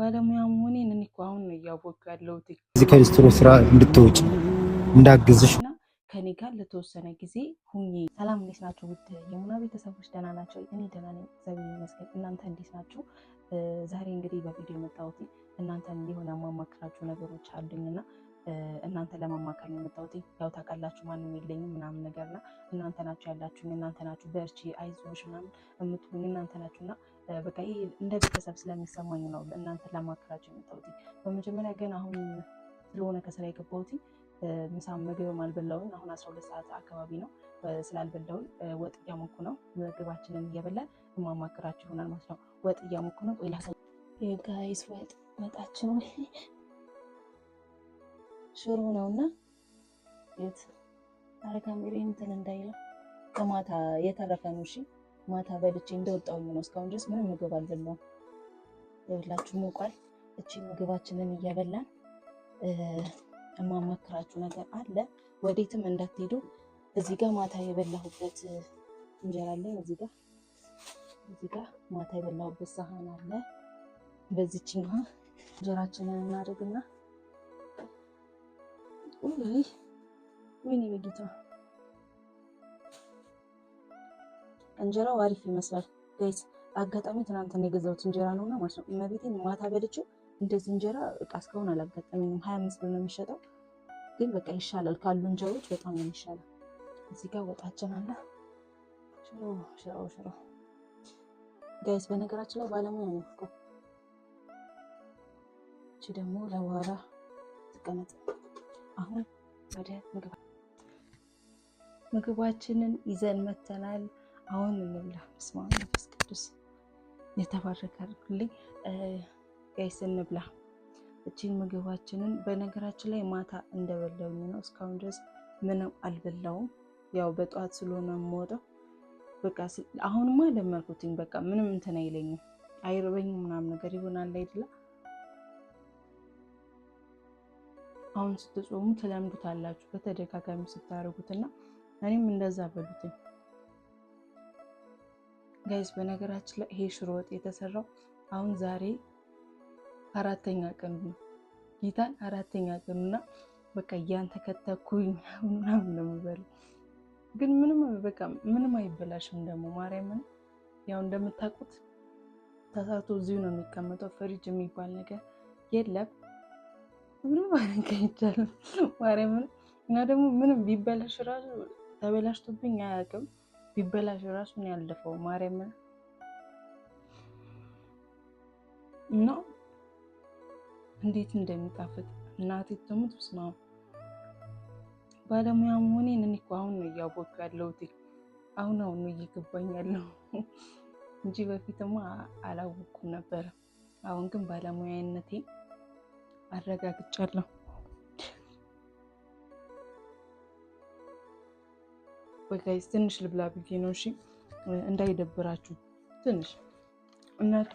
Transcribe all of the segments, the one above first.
ባለሙያ መሆኔን እኔ እኮ አሁን ነው እያወቅሁ ያለሁት። እዚህ ከሊስትሮ ስራ እንድትወጪ እንዳግዝሽ ከኔ ጋር ለተወሰነ ጊዜ ሁኜ። ሰላም፣ እንዴት ናቸው ውድ የሙና ቤተሰቦች? ደህና ናቸው? እኔ ደህና ነኝ እግዚአብሔር ይመስገን። እናንተ እንዴት ናቸው? ዛሬ እንግዲህ በቪዲዮ የመጣሁት እናንተም ቢሆን ያማማክራችሁ ነገሮች አሉኝና እናንተ ለማማከር ነው የመጣሁት። ያው ታውቃላችሁ ማንም የለኝም ምናምን ነገር እና እናንተ ናችሁ ያላችሁኝ፣ እናንተ ናችሁ በርቺ፣ አይዞሽ ምናምን የምትሉኝ እናንተ ናችሁ እና በቃ ይህ እንደ ቤተሰብ ስለሚሰማኝ ነው እናንተ ለማማከራችሁ የመጣሁት። በመጀመሪያ ግን አሁን ስለሆነ ከስራ የገባሁት ምሳም ምግብም አልበላሁኝ። አሁን አስራ ሁለት ሰዓት አካባቢ ነው ስላልበላሁኝ ወጥ እያሞኩ ነው። ምግባችንን እየበላን የማማከራችሁ ይሆናል ማለት ነው። ወጥ እያሞኩ ነው። ጋይስ ወጥ መጣችን ሽሮ ነውና የት አረጋም ግሬ እንትን እንዳይለው ከማታ የተረፈ ነው። እሺ ማታ በልቼ እንደወጣሁኝ ነው። እስካሁን ድረስ ምንም ምግብ አልበላሁም። የሁላችሁ ሞቋል። እቺ ምግባችንን እየበላን የማማክራችሁ ነገር አለ። ወዴትም እንዳትሄዱ። እዚህ ጋር ማታ የበላሁበት እንጀራ አለ። እዚህ ጋር እዚህ ጋር ማታ የበላሁበት ሳህን አለ። በዚችኛ እንጀራችንን እናድርግና ወይኔ በጌታ እንጀራው አሪፍ ይመስላል ጋይስ። አጋጣሚ ትናንትና የገዛሁት እንጀራ ነውና ማለት ነው። እመቤቴን ማታ በልቼው እንደዚህ እንጀራ እቃ እስካሁን አላጋጠመኝም። ሀያ አምስት ብር ነው የሚሸጠው፣ ግን በቃ ይሻላል ካሉ እንጀሮች በጣም ነው የሚሻለው። እዚህ ጋር ወጣችን አለ ሽሮ ሽሮ ሽሮ ጋይስ። በነገራችን ላይ ባለሙያ ነው እኮ እቺ ደግሞ ለዋራ ትቀመጥ አሁን ወደ ምግብ ምግባችንን ይዘን መተናል። አሁን እንብላ። በስመ አብ መንፈስ ቅዱስ የተባረከ አድርግልኝ። ጋይስ እንብላ እቺን ምግባችንን። በነገራችን ላይ ማታ እንደበላሁኝ ነው። እስካሁን ድረስ ምንም አልበላውም። ያው በጠዋት ስለሆነ የምወጣው በቃ አሁንማ ለመርኩትኝ። በቃ ምንም እንትን አይለኝም አይርበኝም ምናምን ነገር ይሆናል አይደለ አሁን ስትጾሙ ትለምዱታላችሁ በተደጋጋሚ ስታደርጉትና እኔም እንደዛ በሉትኝ ጋይስ። በነገራችን ላይ ይሄ ሽሮ ወጥ የተሰራው አሁን ዛሬ አራተኛ ቀን ነው፣ ጌታን አራተኛ ቀን እና በቃ ተከተኩኝ ምናምን ነው የምበለው። ግን ምንም በቃ ምንም አይበላሽም ደግሞ ማርያምን። ያው እንደምታውቁት ተሰርቶ እዚሁ ነው የሚቀመጠው፣ ፍሪጅ የሚባል ነገር የለም። ምንም ማድረግ አይቻልም። ማርያምን እና ደግሞ ምንም ቢበላሽ ራሱ ተበላሽቶብኝ አያውቅም። ቢበላሽ ራሱ ምን ያለፈው ማርያምን እና እንዴት እንደሚጣፍጥ እናቴ ትሙት። ስማ ባለሙያ መሆኔን እኔ እኮ አሁን ነው እያወቅኩ ያለሁት። አሁን አሁን ነው እየገባኝ ያለው እንጂ በፊትማ አላወኩም ነበረ። አሁን ግን ባለሙያነቴ አረጋግጫለሁ። ወይ ጋይስ ትንሽ ልብላ ብዬ ነው። እሺ እንዳይደብራችሁ ትንሽ እናቱ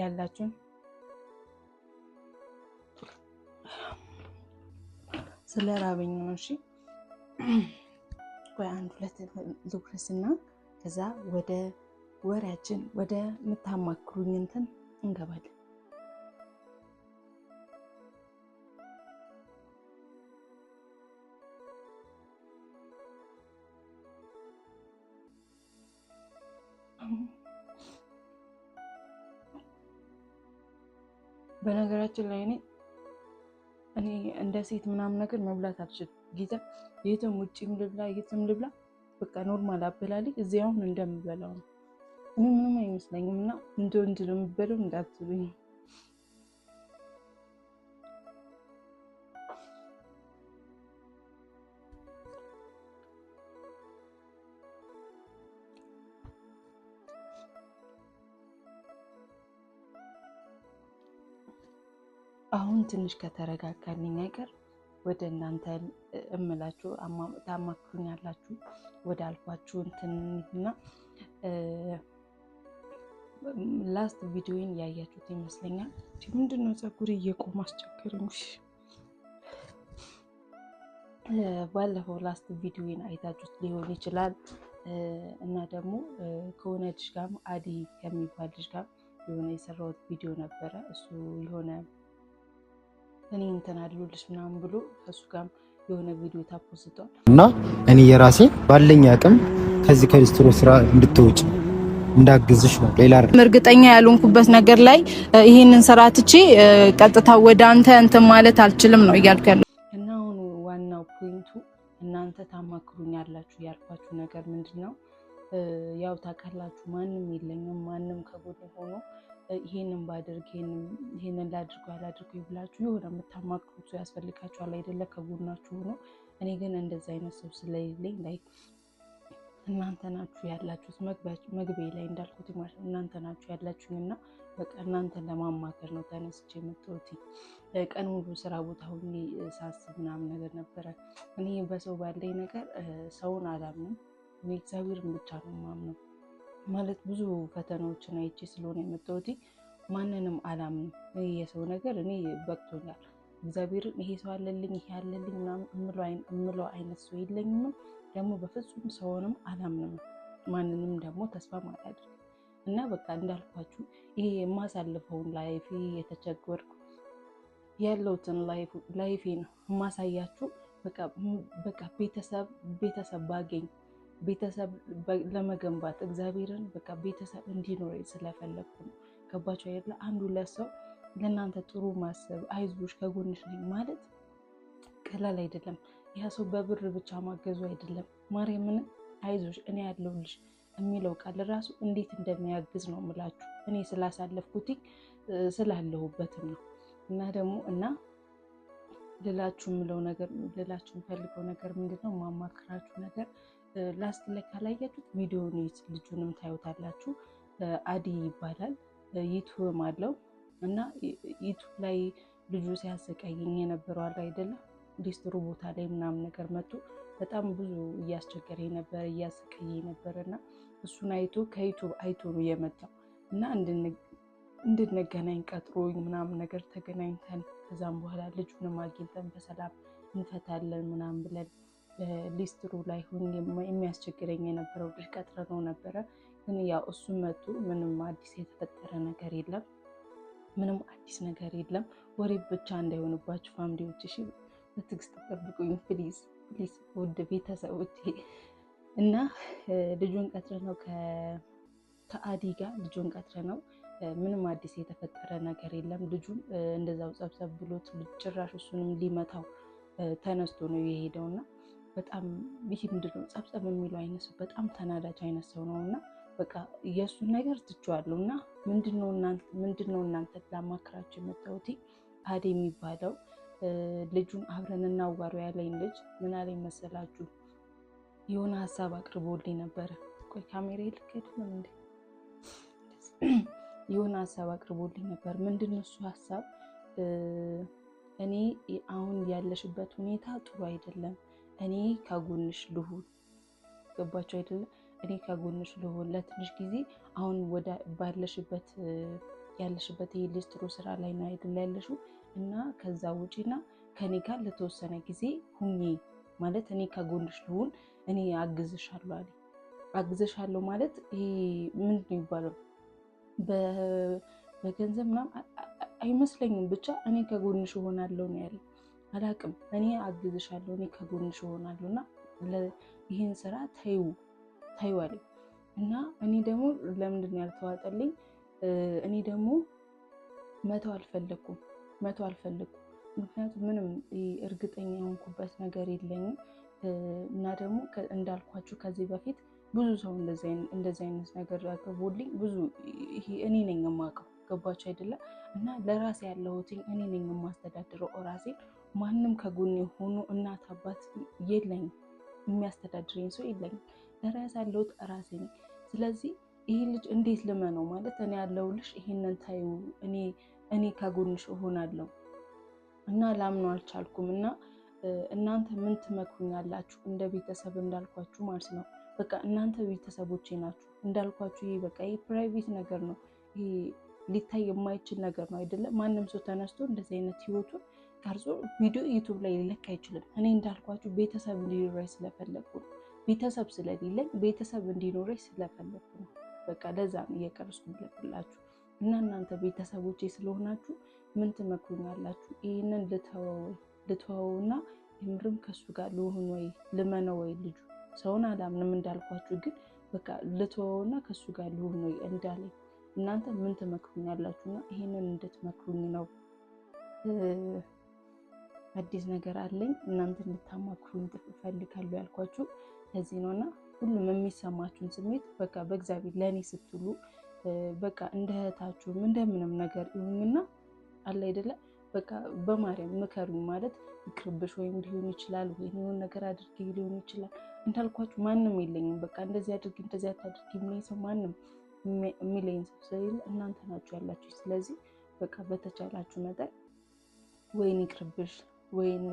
ያላችሁን ስለ ራበኝ ነው። እሺ ወይ አንድ ሁለት ልኩርስና ከዛ ወደ ወሬያችን ወደ ምታማክሩኝ እንትን እንገባለን። በነገራችን ላይ እኔ እኔ እንደ ሴት ምናምን ነገር መብላት አልችልም። ጌታ የትም ውጭም ልብላ የትም ልብላ በቃ ኖርማል አበላልኝ እዚያውን እንደምበላው ነው። እኔ ምንም አይመስለኝም እና እንደ ወንድ ነው የሚበለው እንዳትሉኝ። አሁን ትንሽ ከተረጋጋልኝ ነገር ወደ እናንተ እምላችሁ ታማክሩኛላችሁ ወደ አልኳችሁ እንትንና ላስት ቪዲዮን ያያችሁት ይመስለኛል። ምንድነው ነው ፀጉር እየቆመ አስቸገረኝ። ባለፈው ላስት ቪዲዮን አይታችሁት ሊሆን ይችላል እና ደግሞ ከሆነ ልጅ ጋርም አዲ ከሚባል ልጅ ጋር የሆነ የሰራሁት ቪዲዮ ነበረ እሱ የሆነ እኔ እንትን አለሁልሽ ምናምን ብሎ ከሱ ጋር የሆነ ቪዲዮ ታፖስቷል። እና እኔ የራሴ ባለኝ አቅም ከዚህ ከሊስትሮ ስራ እንድትወጪ እንዳግዝሽ ነው። ሌላ እርግጠኛ ያልሆንኩበት ነገር ላይ ይህንን ስራ ትቼ ቀጥታ ወደ አንተ እንትን ማለት አልችልም ነው እያልኩ ያለው እና አሁን ዋናው ፖይንቱ እናንተ ታማክሩኝ ያላችሁ ያልኳችሁ ነገር ምንድን ነው? ያው ታውቃላችሁ፣ ማንም የለኝም ማንም ከጎን ሆኖ ይሄንን ባድርግ ይሄንን ላድርጉ ያላድርጉ ብላችሁ የሆነ የምታማክሩት ሰው ያስፈልጋችኋል አይደለ? ከጎናችሁ ሆኖ። እኔ ግን እንደዚ አይነት ሰው ስለሌለኝ ላይ እናንተ ናችሁ ያላችሁት መግቤ ላይ እንዳልኩት ማለት ነው። እናንተ ናችሁ ያላችሁኝና በቃ እናንተን ለማማከር ነው ተነስቼ የመጣሁት። ቀን ሙሉ ስራ ቦታ ሁኜ ሳስብ ምናምን ነገር ነበረ። እኔ በሰው ባለኝ ነገር ሰውን አላምንም። እኔ እግዚአብሔርን ብቻ ነው የማምነው። ማለት ብዙ ፈተናዎችን አይቼ ስለሆነ የመጣሁት ማንንም አላምንም። የሰው ነገር እኔ በቅቶኛል። እግዚአብሔርን ይሄ ሰው አለልኝ ይሄ አለልኝ ምናምን እምለው አይነት ሰው የለኝምም። ደግሞ በፍጹም ሰውንም አላምንም፣ ማንንም ደግሞ ተስፋ አላደርግም። እና በቃ እንዳልኳችሁ ይሄ የማሳልፈውን ላይፍ የተቸገርኩ ያለውትን ላይፌን ማሳያችሁ በቃ ቤተሰብ ቤተሰብ ባገኝ ቤተሰብ ለመገንባት እግዚአብሔርን በቃ ቤተሰብ እንዲኖር ስለፈለግኩ ነው። ገባቸው አይደለ? አንዱ ለሰው ለእናንተ ጥሩ ማሰብ አይዞሽ ከጎንሽ ነኝ ማለት ቀላል አይደለም። ያ ሰው በብር ብቻ ማገዙ አይደለም። ማርያምን አይዞሽ እኔ ያለሁልሽ የሚለው ቃል ራሱ እንዴት እንደሚያግዝ ነው ምላችሁ። እኔ ስላሳለፍኩት ስላለሁበትም ነው እና ደግሞ እና ልላችሁ የምለው ነገር ልላችሁ የምፈልገው ነገር ምንድነው ማማክራችሁ ነገር ላስት ላይ ካላያችሁት ቪዲዮን ልጁንም ታዩታላችሁ። አዲ ይባላል ዩቱብም አለው እና ዩቱብ ላይ ልጁ ሲያሰቃየኝ የነበረው አለ አይደለም ሊስትሮ ቦታ ላይ ምናምን ነገር መጥቶ በጣም ብዙ እያስቸገረ ነበረ እያሰቀየ ነበረ እና እሱን አይቶ ከዩቱብ አይቶ ነው የመጣው እና እንድንገናኝ ቀጥሮ ምናምን ነገር ተገናኝተን ከዛም በኋላ ልጁንም አግኝተን በሰላም እንፈታለን ምናምን ብለን ሊስትሩ ላይ ሁን የሚያስቸግረኝ የነበረው ድርቀት ነው ነበረ። ግን ያው እሱ መጡ። ምንም አዲስ የተፈጠረ ነገር የለም። ምንም አዲስ ነገር የለም። ወሬ ብቻ እንዳይሆንባችሁ ፋሚሊዎች፣ እሺ በትዕግስት ጠብቁኝ ፕሊዝ ፕሊዝ፣ ውድ እና ልጁን ቀጥረ ነው ከአዲ ጋር ልጁን ቀጥረ ነው። ምንም አዲስ የተፈጠረ ነገር የለም። ልጁም እንደዛው ጸብጸብ ብሎት ጭራሽ እሱንም ሊመታው ተነስቶ ነው የሄደውና በጣም ይሄ ምንድን ነው ጸብጸብ የሚለው አይነት ሰው በጣም ተናዳጅ አይነት ሰው ነው እና በቃ የእሱን ነገር ትችዋለሁ እና ምንድን ነው እናንተ ላማክራችሁ የመጣሁት አዴ የሚባለው ልጁን አብረን እናዋሩ ያለኝ ልጅ ምን አለኝ መሰላችሁ? የሆነ ሀሳብ አቅርቦልኝ ነበረ። ቆይ ካሜራ ልክሄድ እንዴ? የሆነ ሀሳብ አቅርቦልኝ ነበር። ምንድን ነው እሱ ሀሳብ? እኔ አሁን ያለሽበት ሁኔታ ጥሩ አይደለም እኔ ከጎንሽ ልሁን። ገባችሁ አይደለ? እኔ ከጎንሽ ልሁን ለትንሽ ጊዜ። አሁን ወደ ባለሽበት ያለሽበት ይሄ ስራ ላይ ነው አይደለ ያለሽው? እና ከዛ ውጪና ከኔ ጋር ለተወሰነ ጊዜ ሁኜ ማለት እኔ ከጎንሽ ልሁን፣ እኔ አግዝሻለሁ አለ። አግዝሻለሁ ማለት ይሄ ምንድን ነው ይባላል? በገንዘብ ምናምን አይመስለኝም፣ ብቻ እኔ ከጎንሽ እሆናለሁ ነው ያለ አላቅም እኔ አግዝሻለሁ፣ እኔ ከጎንሽ እሆናለሁ እና ይህን ስራ ተይው ተይው አለኝ እና እኔ ደግሞ ለምንድን ነው ያልተዋጠልኝ? እኔ ደግሞ መተው አልፈለግኩም መተው አልፈለግኩም። ምክንያቱም ምንም እርግጠኛ የሆንኩበት ነገር የለኝም እና ደግሞ እንዳልኳችሁ ከዚህ በፊት ብዙ ሰው እንደዚህ አይነት ነገር ያቀርቦልኝ ብዙ እኔ ነኝ የማውቀው ገባቸው አይደለም? እና ለራሴ ያለሁትኝ እኔ ነኝ የማስተዳድረው ራሴ ማንም ከጎን የሆኑ እናት አባት የለኝም፣ የሚያስተዳድረኝ ሰው የለኝም። ለራስ ያለሁት ራሴ ነኝ። ስለዚህ ይህ ልጅ እንዴት ልመነው ማለት እኔ ያለሁልሽ ይሄንን ታዩ እኔ ከጎንሽ እሆናለሁ እና ላምነው አልቻልኩም። እና እናንተ ምን ትመክሩኛላችሁ? እንደ ቤተሰብ እንዳልኳችሁ ማለት ነው። በቃ እናንተ ቤተሰቦቼ ናችሁ እንዳልኳችሁ። ይሄ በቃ ይሄ ፕራይቬት ነገር ነው። ይሄ ሊታይ የማይችል ነገር ነው አይደለም። ማንም ሰው ተነስቶ እንደዚህ አይነት ህይወቱን ቀርጾ ቪዲዮ ዩቱብ ላይ ሊለክ አይችልም። እኔ እንዳልኳችሁ ቤተሰብ እንዲኖረኝ ስለፈለግኩ ነው። ቤተሰብ ስለሌለኝ ቤተሰብ እንዲኖረኝ ስለፈለግኩ ነው። በቃ ለዛ ነው እየቀረስኩ ብለኩላችሁ እና እናንተ ቤተሰቦቼ ስለሆናችሁ ምን ትመክሩኛላችሁ? ይህንን ልተወው እና የምርም ከሱ ጋር ልሆን ወይ ልመነው ወይ ልጁ ሰውን አላምንም እንዳልኳችሁ፣ ግን በቃ ልተወውና ከሱ ጋር ልሆን ወይ እንዳለኝ እናንተ ምን ትመክሩኛላችሁና ይህንን እንድትመክሩኝ ነው። አዲስ ነገር አለኝ እናንተ እንድታማክሩኝ እፈልጋለሁ ያልኳችሁ ለዚህ ነው እና ሁሉም የሚሰማችሁን ስሜት በቃ በእግዚአብሔር ለእኔ ስትሉ በቃ እንደ እህታችሁም እንደምንም ነገር ይሁንና አለ አይደለ በቃ በማርያም ምከሩኝ ማለት ይቅርብሽ ወይም ሊሆን ይችላል ወይም የሆነ ነገር አድርጊ ሊሆን ይችላል። እንዳልኳችሁ ማንም የለኝም። በቃ እንደዚህ አድርጊ እንደዚህ አታድርጊ የሚለኝ ሰው ማንም የሚለኝ ሰው ስለሌለ እናንተ ናችሁ ያላችሁ። ስለዚህ በቃ በተቻላችሁ መጠን ወይን ይቅርብሽ ወይም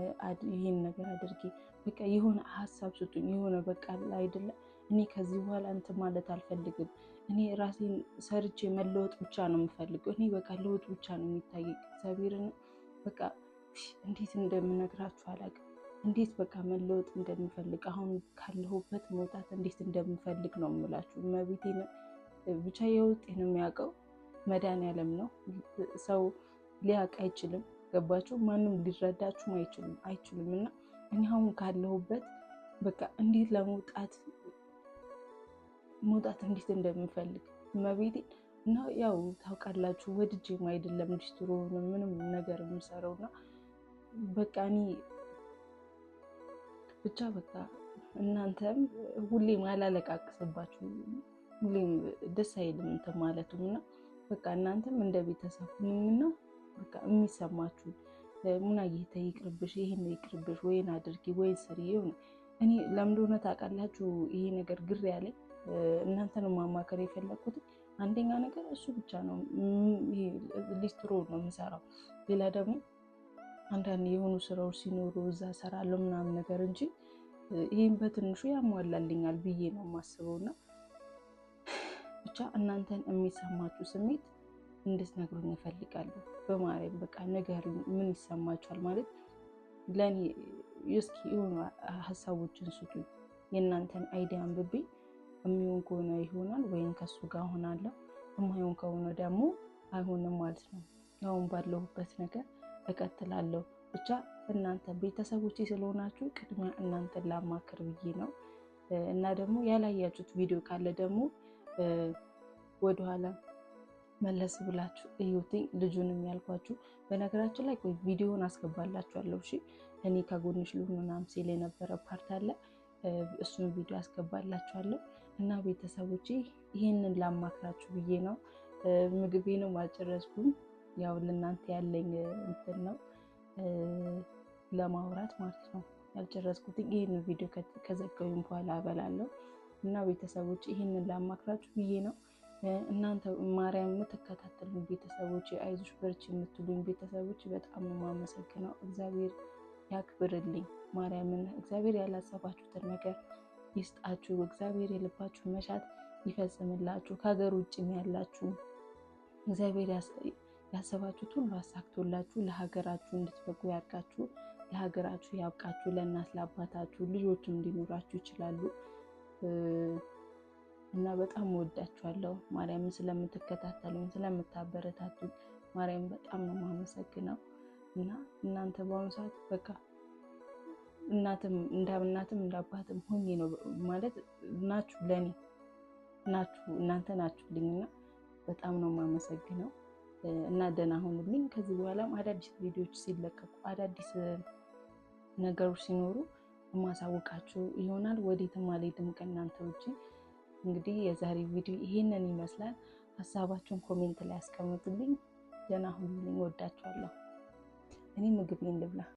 ይህን ነገር አድርጌ በቃ የሆነ ሀሳብ ስጡኝ። የሆነ በቃ አይደለ እኔ ከዚህ በኋላ እንትን ማለት አልፈልግም። እኔ ራሴን ሰርቼ መለወጥ ብቻ ነው የምፈልገው። እኔ በቃ ለውጥ ብቻ ነው የሚታየኝ። እግዚአብሔርን በቃ እንዴት እንደምነግራችሁ አላውቅም። እንዴት በቃ መለወጥ እንደምፈልግ አሁን ካለሁበት መውጣት እንዴት እንደምፈልግ ነው የምላችሁ። መቤቴ ብቻ የውጤ ነው የሚያውቀው መድኃኒዓለም ነው ሰው ሊያውቅ አይችልም። ገባችሁ? ማንም ሊረዳችሁ አይችሉም አይችሉም። እና እኔ አሁን ካለሁበት በቃ እንዴት ለመውጣት መውጣት እንዴት እንደምፈልግ መቤቴ እና ያው ታውቃላችሁ፣ ወድጄም አይደለም ዲስትሮ ምንም ነገር የምሰራው እና በቃ እኔ ብቻ በቃ እናንተም ሁሌም አላለቃቅስባችሁ ሁሌም ደስ አይልም እንትን ማለቱም እና በቃ እናንተም እንደ ቤተሰብ ሁኑና በቃ የሚሰማችሁ ምን አየተ ይቅርብሽ፣ ይህን ይቅርብሽ፣ ወይን አድርጊ፣ ወይን ስሪ። እኔ ለምን ሆነ ታውቃላችሁ ይሄ ነገር ግር ያለኝ እናንተን ማማከር የፈለግኩት አንደኛ ነገር እሱ ብቻ ነው። ሊስትሮ ነው የምሰራው። ሌላ ደግሞ አንዳንድ የሆኑ ስራዎች ሲኖሩ እዛ ሰራለሁ ምናምን ነገር እንጂ ይህም በትንሹ ያሟላልኛል ብዬ ነው የማስበው እና ብቻ እናንተን የሚሰማችሁ ስሜት እንድትነግሩኝ እፈልጋለሁ። በማርያም በቃ ነገር ምን ይሰማችኋል? ማለት ለእኔ እስኪ የሆኑ ሀሳቦችን ስጡ። የእናንተን አይዲያ አንብቤ የሚሆን ከሆነ ይሆናል ወይም ከሱ ጋር ሆናለሁ፣ የማይሆን ከሆነ ደግሞ አይሆንም ማለት ነው። አሁን ባለሁበት ነገር እቀጥላለሁ። ብቻ እናንተ ቤተሰቦች ስለሆናችሁ ቅድሚያ እናንተን ላማክር ብዬ ነው እና ደግሞ ያላያችሁት ቪዲዮ ካለ ደግሞ ወደኋላ መለስ ብላችሁ እዩትኝ ልጁንም ያልኳችሁ። በነገራችን ላይ ቆይ ቪዲዮውን አስገባላችኋለሁ። እሺ እኔ ከጎንሽ ልሁን ምናምን ሲል የነበረ ፓርት አለ። እሱን ቪዲዮ አስገባላችኋለሁ እና ቤተሰቦች ይህንን ላማክራችሁ ብዬ ነው። ነው አልጨረስኩም። ያው ለእናንተ ያለኝ እንትን ነው ለማውራት ማለት ነው ያልጨረስኩት። ይህንን ቪዲዮ ከዘገቡኝ በኋላ አበላለሁ እና ቤተሰቦች ይህንን ላማክራችሁ ብዬ ነው። እናንተ ማርያም የምትከታተሉኝ ቤተሰቦች፣ አይዞሽ በርቺ የምትሉኝ ቤተሰቦች በጣም የማመሰግነው። እግዚአብሔር ያክብርልኝ። ማርያምን እግዚአብሔር ያላሰባችሁትን ነገር ይስጣችሁ። እግዚአብሔር የልባችሁ መሻት ይፈጽምላችሁ። ከሀገር ውጭም ያላችሁ እግዚአብሔር ያሰባችሁት ሁሉ አሳክቶላችሁ ለሀገራችሁ እንድትበቁ ያድርጋችሁ። ለሀገራችሁ ያብቃችሁ። ለእናት ለአባታችሁ ልጆችም እንዲኖራችሁ ይችላሉ። እና በጣም ወዳችኋለሁ። ማርያምን ስለምትከታተሉኝ ስለምታበረታቱኝ ማርያም በጣም ነው የማመሰግነው። እና እናንተ በአሁኑ ሰዓት በቃ እናትም እንደ እናትም እንደ አባትም ሆኜ ነው ማለት ናችሁ፣ ለእኔ ናችሁ፣ እናንተ ናችሁልኝ እና በጣም ነው የማመሰግነው። እና ደህና ሆኑልኝ። ከዚህ በኋላም አዳዲስ ቪዲዮዎች ሲለቀቁ አዳዲስ ነገሮች ሲኖሩ የማሳውቃችሁ ይሆናል። ወዴትም አልሄድም ከእናንተ ውጭ። እንግዲህ የዛሬ ቪዲዮ ይህንን ይመስላል። ሀሳባችሁን ኮሜንት ላይ ያስቀምጡልኝ። ደህና ሁኑልኝ። ወዳችኋለሁ። እኔ ምግብ ልብላ።